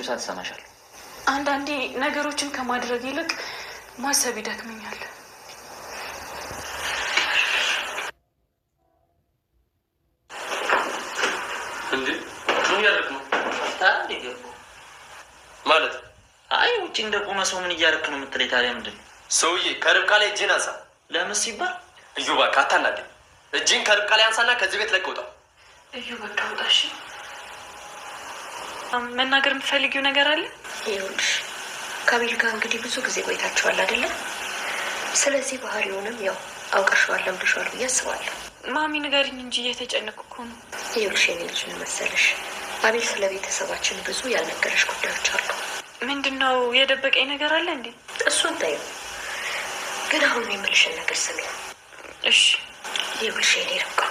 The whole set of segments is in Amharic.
እንደፈለገችው ሰዓት ትሰማሻል። አንዳንዴ ነገሮችን ከማድረግ ይልቅ ማሰብ ይደክመኛል። ማለት አይ ውጭ እንደ ቆመ ሰው ምን እያደረክ ነው የምትለኝ? ታዲያ ምንድን ነው ሰውዬ? ከርብቃ ላይ እጅን አንሳ። ለምን ሲባል እዩ፣ በቃ አታናደኝ። እጅን ከርብቃ ላይ አንሳና ከዚህ ቤት ለቀውጣ እዩ፣ በቃ ውጣ። መናገር የምትፈልጊው ነገር አለ? ይኸውልሽ ከአቤል ጋር እንግዲህ ብዙ ጊዜ ቆይታችኋል አይደለም? ስለዚህ ባህሪውንም ያው አውቀሸዋል፣ ለምደሸዋል ብዬ አስባለሁ። ማሚ ንገሪኝ እንጂ እየተጨነኩ እኮ ነው። ይኸውልሽ የኔ ልጅ ምን መሰለሽ፣ አቤል ስለ ቤተሰባችን ብዙ ያልነገረሽ ጉዳዮች አሉ። ምንድን ነው የደበቀኝ ነገር አለ እንዴ? እሱን ታየው። ግን አሁን የምልሽን ነገር ስሚ እሺ? ይኸውልሽ የኔ ርብቃ፣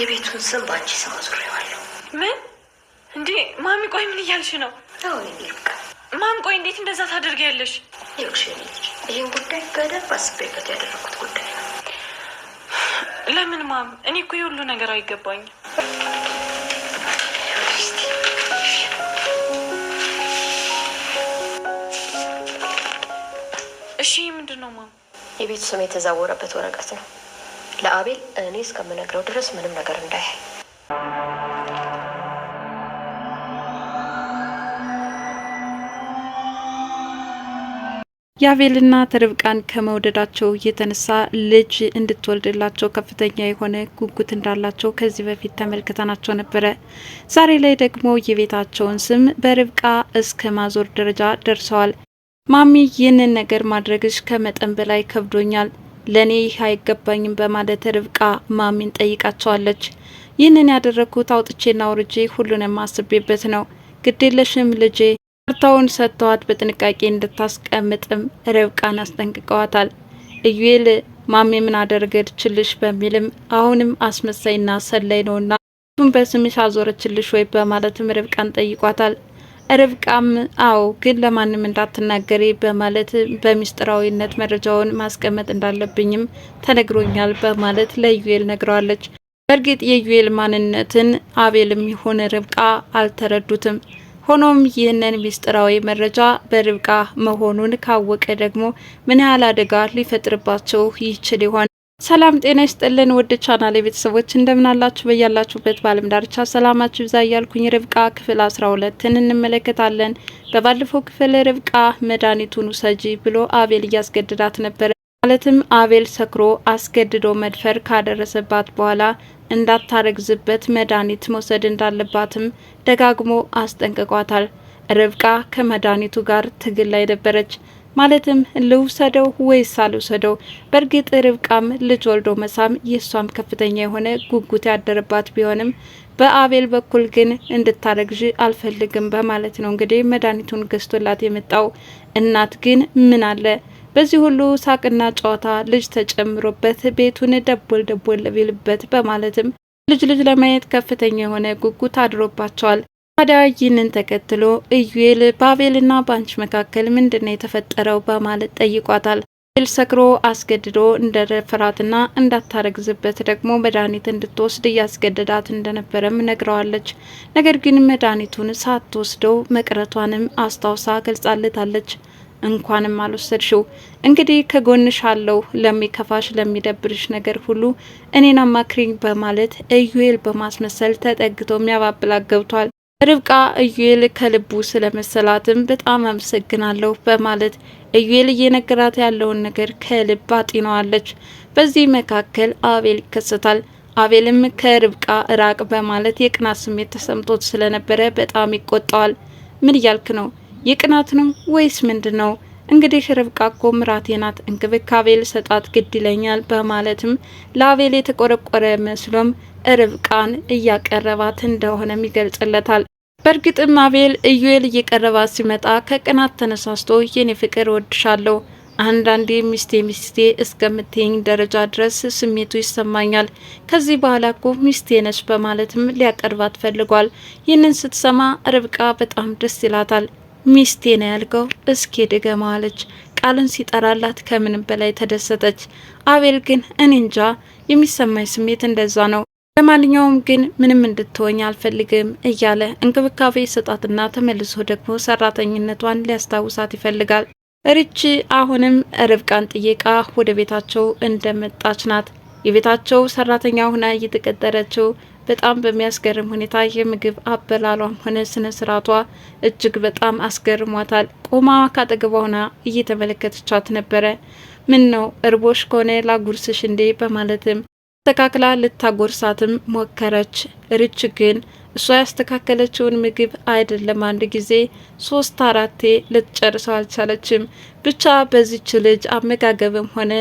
የቤቱን ስም በአንቺ ስም አዙሪዋለሁ። ምን እንዴ ማሚ፣ ቆይ ምን እያልሽ ነው? ማም፣ ቆይ እንዴት እንደዛ ታደርጊያለሽ? ይኸውልሽ ይህን ጉዳይ በደንብ አስቤበት ያደረኩት ጉዳይ ነው። ለምን ማም? እኔ እኮ የሁሉ ነገር አይገባኝም። እሺ ምንድን ነው ማም? የቤት ስም የተዛወረበት ወረቀት ነው። ለአቤል እኔ እስከምነግረው ድረስ ምንም ነገር እንዳያይ የአቤልና ርብቃን ከመውደዳቸው የተነሳ ልጅ እንድትወልድላቸው ከፍተኛ የሆነ ጉጉት እንዳላቸው ከዚህ በፊት ተመልክተናቸው ነበረ። ዛሬ ላይ ደግሞ የቤታቸውን ስም በርብቃ እስከ ማዞር ደረጃ ደርሰዋል። ማሚ ይህንን ነገር ማድረግሽ ከመጠን በላይ ከብዶኛል፣ ለእኔ ይህ አይገባኝም በማለት ርብቃ ማሚን ጠይቃቸዋለች። ይህንን ያደረግኩት አውጥቼና አውርጄ ሁሉንም አስቤበት ነው። ግዴለሽም ልጄ ካርታውን ሰጥተዋት በጥንቃቄ እንድታስቀምጥም ርብቃን አስጠንቅቀዋታል። እዩኤል ማሜ ምን ችልሽ በሚልም አሁንም አስመሳይና ሰላይ ነውና ቱም በስምሽ አዞረችልሽ ወይ በማለትም ርብቃን ጠይቋታል። ርብቃም አዎ ግን ለማንም እንዳትናገሪ በማለት በሚስጥራዊነት መረጃውን ማስቀመጥ እንዳለብኝም ተነግሮኛል በማለት ለዩኤል ነግረዋለች። በእርግጥ የዩኤል ማንነትን አቤልም ይሆን ርብቃ አልተረዱትም። ሆኖም ይህንን ሚስጥራዊ መረጃ በርብቃ መሆኑን ካወቀ ደግሞ ምን ያህል አደጋ ሊፈጥርባቸው ይችል ይሆን? ሰላም ጤና ይስጥልን ውድ ቻናል የቤተሰቦች እንደምናላችሁ በያላችሁበት በዓለም ዳርቻ ሰላማችሁ ይብዛ እያልኩኝ ርብቃ ክፍል አስራ ሁለትን እንመለከታለን። በባለፈው ክፍል ርብቃ መድኃኒቱን ውሰጂ ብሎ አቤል እያስገድዳት ነበረ። ማለትም አቤል ሰክሮ አስገድዶ መድፈር ካደረሰባት በኋላ እንዳታረግዝበት መድኃኒት መውሰድ እንዳለባትም ደጋግሞ አስጠንቅቋታል። ርብቃ ከመድኃኒቱ ጋር ትግል ላይ ነበረች። ማለትም ልውሰደው ወይስ አልውሰደው? በእርግጥ ርብቃም ልጅ ወልዶ መሳም የእሷም ከፍተኛ የሆነ ጉጉት ያደረባት ቢሆንም በአቤል በኩል ግን እንድታረግዥ አልፈልግም በማለት ነው እንግዲህ መድኃኒቱን ገዝቶላት የመጣው። እናት ግን ምን አለ በዚህ ሁሉ ሳቅና ጨዋታ ልጅ ተጨምሮበት ቤቱን ደቦል ደቦል ቢልበት በማለትም ልጅ ልጅ ለማየት ከፍተኛ የሆነ ጉጉት አድሮባቸዋል። ታዲያ ይህንን ተከትሎ እዩኤል በአቤልና ባንች መካከል ምንድነው የተፈጠረው በማለት ጠይቋታል። ኢዩኤል ሰክሮ አስገድዶ እንደደፈራትና እንዳታረግዝበት ደግሞ መድኃኒት እንድትወስድ እያስገደዳት እንደነበረም ነግረዋለች። ነገር ግን መድኃኒቱን ሳትወስደው መቅረቷንም አስታውሳ ገልጻልታለች። እንኳንም አልወሰድሽው። እንግዲህ ከጎንሽ አለው ለሚከፋሽ፣ ለሚደብርሽ ነገር ሁሉ እኔን አማክሪኝ በማለት እዩኤል በማስመሰል ተጠግቶ የሚያባብላት ገብቷል። ርብቃ እዩኤል ከልቡ ስለመሰላትም በጣም አመሰግናለሁ በማለት እዩኤል እየነገራት ያለውን ነገር ከልብ አጢነዋለች። በዚህ መካከል አቤል ይከሰታል። አቤልም ከርብቃ ራቅ በማለት የቅናት ስሜት ተሰምቶት ስለነበረ በጣም ይቆጣዋል። ምን እያልክ ነው? የቅናት ነው ወይስ ምንድን ነው? እንግዲህ ርብቃ እኮ ምራቴ ናት፣ እንክብካቤ ልሰጣት ግድ ይለኛል በማለትም ለአቤል የተቆረቆረ መስሎም ርብቃን እያቀረባት እንደሆነም ይገልጽለታል። በእርግጥም አቤል ኢዩኤል እየቀረባት ሲመጣ ከቅናት ተነሳስቶ የኔ ፍቅር ወድሻለሁ አንዳንዴ ሚስቴ ሚስቴ እስከምትኝ ደረጃ ድረስ ስሜቱ ይሰማኛል። ከዚህ በኋላ እኮ ሚስቴ ነች በማለትም ሊያቀርባት ፈልጓል። ይህንን ስትሰማ ርብቃ በጣም ደስ ይላታል። ሚስቴ ነው ያልከው? እስኪ ድገማ አለች። ቃልን ሲጠራላት ከምንም በላይ ተደሰተች። አቤል ግን እኔ እንጃ የሚሰማኝ ስሜት እንደዛ ነው። ለማንኛውም ግን ምንም እንድትሆኝ አልፈልግም እያለ እንክብካቤ ስጣትና ተመልሶ ደግሞ ሰራተኝነቷን ሊያስታውሳት ይፈልጋል። ርቺ አሁንም ርብቃን ጥየቃ ወደ ቤታቸው እንደመጣች ናት። የቤታቸው ሰራተኛ ሆና እየተቀጠረችው በጣም በሚያስገርም ሁኔታ የምግብ አበላሏም ሆነ ስነ ስርዓቷ እጅግ በጣም አስገርሟታል። ቆማ ካጠገቧ ሆና እየተመለከተቻት ነበረ። ምን ነው እርቦሽ ከሆነ ላጉርስሽ እንዴ? በማለትም ተካክላ ልታጎርሳትም ሞከረች። ርች ግን እሷ ያስተካከለችውን ምግብ አይደለም አንድ ጊዜ ሶስት አራቴ ልትጨርሰው አልቻለችም። ብቻ በዚች ልጅ አመጋገብም ሆነ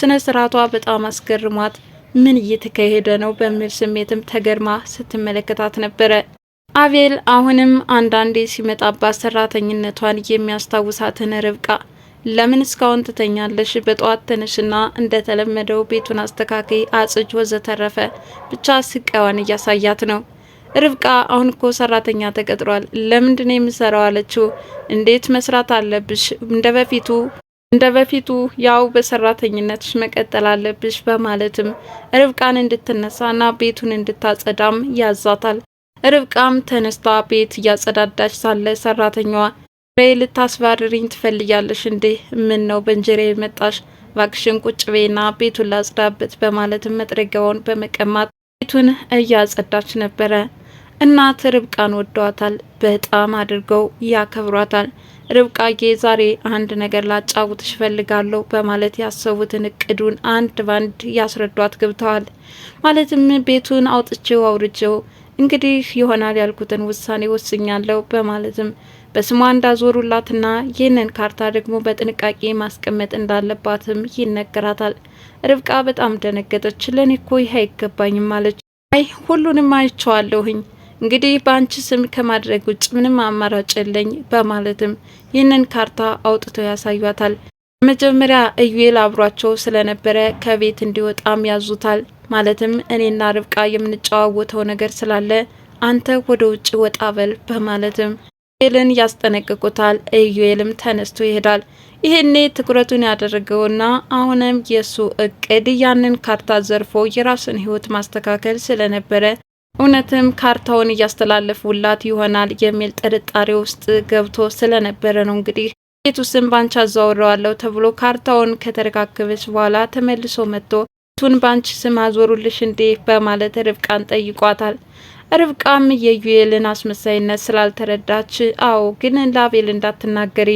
ስነ ስርዓቷ በጣም አስገርሟት ምን እየተካሄደ ነው በሚል ስሜትም ተገርማ ስትመለከታት ነበረ። አቤል አሁንም አንዳንዴ ሲመጣባት ሰራተኝነቷን የሚያስታውሳትን ርብቃ ለምን እስካሁን ትተኛለሽ? በጠዋት ተነሽና እንደተለመደው ቤቱን አስተካከይ፣ አጽጅ፣ ወዘተረፈ ብቻ ስቃዋን እያሳያት ነው። ርብቃ አሁን እኮ ሰራተኛ ተቀጥሯል፣ ለምንድን ነው የምሰራው አለችው። እንዴት መስራት አለብሽ እንደ በፊቱ እንደ በፊቱ ያው በሰራተኝነትሽ መቀጠል አለብሽ በማለትም ርብቃን እንድትነሳና ቤቱን እንድታጸዳም ያዛታል። ርብቃም ተነስታ ቤት እያጸዳዳች ሳለ ሰራተኛዋ በይ ልታስባርሪኝ ትፈልጊያለሽ እንዴ? ምን ነው በእንጀራ የመጣሽ? ቫክሽን ቁጭ በይና ቤቱን ላጽዳበት በማለትም መጥረጊያውን በመቀማት ቤቱን እያጸዳች ነበረ። እናት ርብቃን ወደዋታል፣ በጣም አድርገው ያከብሯታል። ርብቃዬ ዛሬ አንድ ነገር ላጫውትሽ ፈልጋለሁ በማለት ያሰቡትን እቅዱን አንድ ባንድ ያስረዷት ገብተዋል። ማለትም ቤቱን አውጥቼው አውርጀው እንግዲህ ይሆናል ያልኩትን ውሳኔ ወስኛለሁ በማለትም በስሟ እንዳዞሩላትና ይህንን ካርታ ደግሞ በጥንቃቄ ማስቀመጥ እንዳለባትም ይነገራታል። ርብቃ በጣም ደነገጠች። ለኔ እኮ ይህ አይገባኝም አለች። አይ ሁሉንም አይቸዋለሁኝ እንግዲህ በአንቺ ስም ከማድረግ ውጭ ምንም አማራጭ የለኝ በማለትም ይህንን ካርታ አውጥቶ ያሳዩታል። መጀመሪያ እዩኤል አብሯቸው ስለነበረ ከቤት እንዲወጣም ያዙታል። ማለትም እኔና ርብቃ የምንጨዋወተው ነገር ስላለ አንተ ወደ ውጭ ወጣ በል በማለትም ኤልን ያስጠነቅቁታል። እዩኤልም ተነስቶ ይሄዳል። ይህኔ ትኩረቱን ያደረገውና አሁንም የሱ እቅድ ያንን ካርታ ዘርፎ የራስን ህይወት ማስተካከል ስለነበረ እውነትም ካርታውን እያስተላለፉላት ይሆናል የሚል ጥርጣሬ ውስጥ ገብቶ ስለነበረ ነው እንግዲህ ስም ባንቺ አዘዋውረዋለሁ ተብሎ ካርታውን ከተረካከበች በኋላ ተመልሶ መጥቶ ቱን ባንቺ ስም አዞሩልሽ እንዴ በማለት ርብቃን ጠይቋታል። ርብቃም የዩኤልን አስመሳይነት ስላልተረዳች አዎ ግን ለአቤል እንዳትናገሪ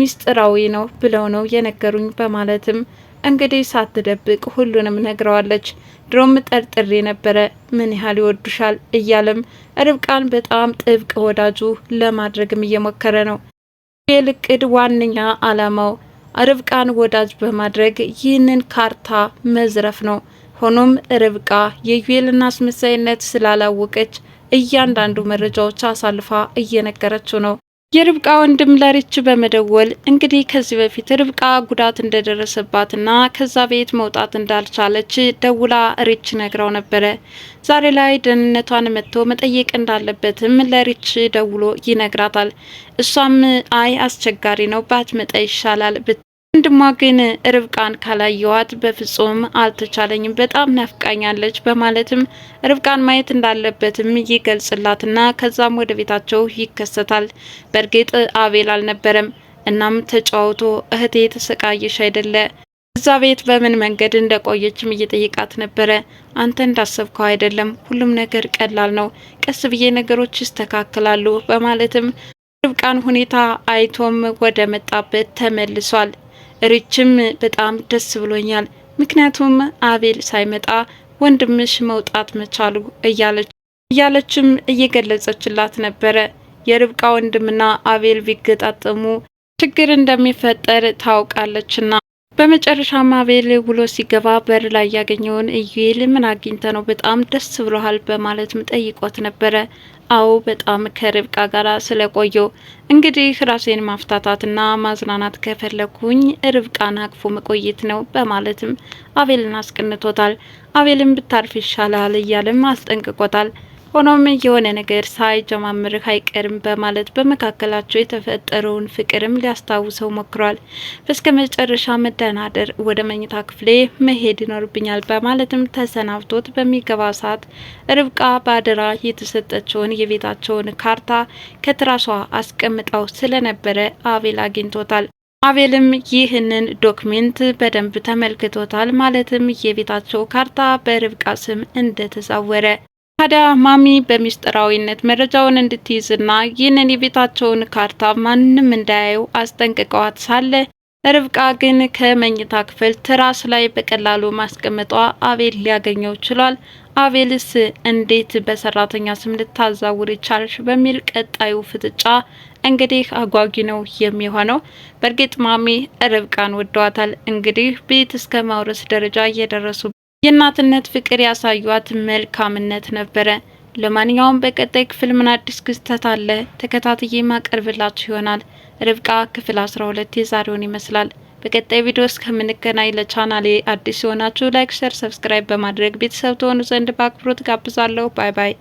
ሚስጥራዊ ነው ብለው ነው የነገሩኝ በማለትም እንግዲህ ሳትደብቅ ሁሉንም ነግረዋለች። ድሮም ጠርጥሬ ነበረ ምን ያህል ይወዱሻል እያለም ርብቃን በጣም ጥብቅ ወዳጁ ለማድረግም እየሞከረ ነው። የልቅድ ዋነኛ አላማው ርብቃን ወዳጅ በማድረግ ይህንን ካርታ መዝረፍ ነው። ሆኖም ርብቃ የዩኤልን አስመሳይነት ስላላወቀች እያንዳንዱ መረጃዎች አሳልፋ እየነገረችው ነው። የርብቃ ወንድም ለሪች በመደወል እንግዲህ ከዚህ በፊት ርብቃ ጉዳት እንደደረሰባትና ከዛ ቤት መውጣት እንዳልቻለች ደውላ ሪች ነግራው ነበረ። ዛሬ ላይ ደህንነቷን መጥቶ መጠየቅ እንዳለበትም ለሪች ደውሎ ይነግራታል። እሷም አይ አስቸጋሪ ነው ባትመጣ ይሻላል ወንድሟ ግን ርብቃን ካላየዋት በፍጹም አልተቻለኝም፣ በጣም ናፍቃኛለች በማለትም ርብቃን ማየት እንዳለበትም ይገልጽላትና ከዛም ወደ ቤታቸው ይከሰታል። በእርግጥ አቤል አልነበረም። እናም ተጫውቶ እህቴ የተሰቃየሽ አይደለ እዛ ቤት በምን መንገድ እንደቆየችም እየጠየቃት ነበረ። አንተ እንዳሰብከው አይደለም፣ ሁሉም ነገር ቀላል ነው፣ ቀስ ብዬ ነገሮች ይስተካከላሉ በማለትም ርብቃን ሁኔታ አይቶም ወደ መጣበት ተመልሷል። ርችም በጣም ደስ ብሎኛል፣ ምክንያቱም አቤል ሳይመጣ ወንድምሽ መውጣት መቻሉ እያለች እያለችም እየገለጸችላት ነበረ። የርብቃ ወንድምና አቤል ቢገጣጠሙ ችግር እንደሚፈጠር ታውቃለችና በመጨረሻም አቤል ውሎ ሲገባ በር ላይ ያገኘውን ኢዩኤል ምን አግኝተ ነው በጣም ደስ ብሎሃል? በማለትም ጠይቆት ነበረ። አዎ በጣም ከርብቃ ጋር ስለቆየው እንግዲህ ራሴን ማፍታታትና ማዝናናት ከፈለኩኝ ርብቃን አቅፎ መቆየት ነው በማለትም አቤልን አስቀንቶታል። አቤልን ብታርፍ ይሻላል እያለም አስጠንቅቆታል። ሆኖም የሆነ ነገር ሳይጀማምር አይቀርም በማለት በመካከላቸው የተፈጠረውን ፍቅርም ሊያስታውሰው ሞክሯል። እስከ መጨረሻ መደናደር ወደ መኝታ ክፍሌ መሄድ ይኖርብኛል በማለትም ተሰናብቶት በሚገባ ሰዓት ርብቃ በአደራ የተሰጠችውን የቤታቸውን ካርታ ከትራሷ አስቀምጣው ስለነበረ አቤል አግኝቶታል። አቤልም ይህንን ዶክሜንት በደንብ ተመልክቶታል። ማለትም የቤታቸው ካርታ በርብቃ ስም እንደተዛወረ ታዲያ ማሚ በሚስጥራዊነት መረጃውን እንድትይዝና ይህንን የቤታቸውን ካርታ ማንም እንዳያየው አስጠንቅቀዋት ሳለ ርብቃ ግን ከመኝታ ክፍል ትራስ ላይ በቀላሉ ማስቀመጧ አቤል ሊያገኘው ችሏል። አቤልስ እንዴት በሰራተኛ ስም ልታዛውር ይቻልሽ በሚል ቀጣዩ ፍጥጫ እንግዲህ አጓጊ ነው የሚሆነው። በእርግጥ ማሚ ርብቃን ወደዋታል። እንግዲህ ቤት እስከ ማውረስ ደረጃ እየደረሱ የእናትነት ፍቅር ያሳዩት መልካምነት ነበረ። ለማንኛውም በቀጣይ ክፍል ምን አዲስ ክስተት አለ ተከታትዬ ማቀርብላችሁ ይሆናል። ርብቃ ክፍል 12 የዛሬውን ይመስላል። በቀጣይ ቪዲዮ እስከምንገናኝ ለቻናሌ አዲስ የሆናችሁ ላይክ፣ ሸር፣ ሰብስክራይብ በማድረግ ቤተሰብ ትሆኑ ዘንድ በአክብሮት ጋብዛለሁ። ባይ ባይ።